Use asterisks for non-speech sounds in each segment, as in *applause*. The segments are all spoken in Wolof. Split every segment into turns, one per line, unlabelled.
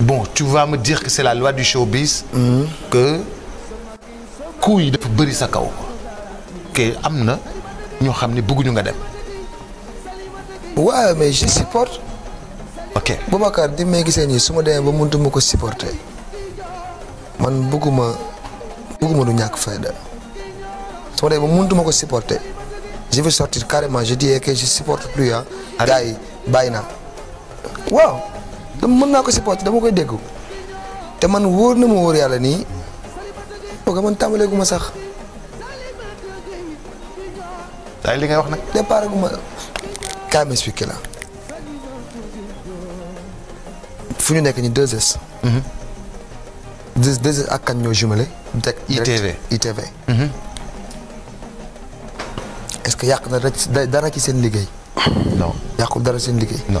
bon tu vas me dire que c'est la loi du showbiz. que couille de dafa bëri sa kaw. que Amna, na ñoo xam ne nga dem. mais je supporte. ok Boubacar di may gisee nii su ma demee ba mënut ma ko supporter man bëgguma bëgguma du ñàkk fayda su ma demee ba mënut ma ko supporter je vais sortir carrément je dis que je supporte plus ah. gars yi Wow! dama mën naa ko supporté dama koy dégg te man wóor na ma wóor yàlla nii booga man tàmbaleegu ma sax. daay li ngay wax nag. départ gu ma kaay ma expliqué la fu ñu nekk nii 2S. 2 2S ak kan ñoo jumelé. teg ITV ITV. est-ce que yàq na dara ci seen liggéey. non yàqul dara seen liggéey. non.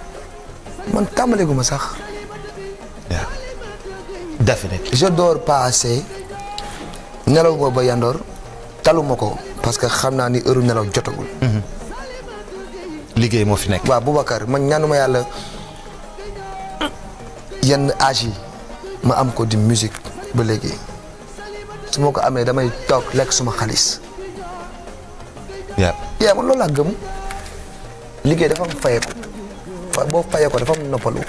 man tàmbaleegu guma sax. Ya. definitely. je dors pas assez. nelaw go ba yandor talumako parce que xamna ni euro nelaw jotagul. Mhm. liguey mo fi nek wa Boubacar man ñanuma yalla yenn agi ma am ko di musique ba legui su ma ko amee damay tok Ya, suma ya, khalis yaa yaa man lo la gëm liguey dafa fayeku boo am noppalu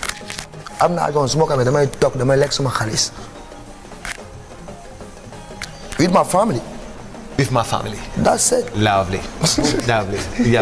am to smoke, I'm going to damay with my family. with my family. that's it. lovely. *laughs* lovely.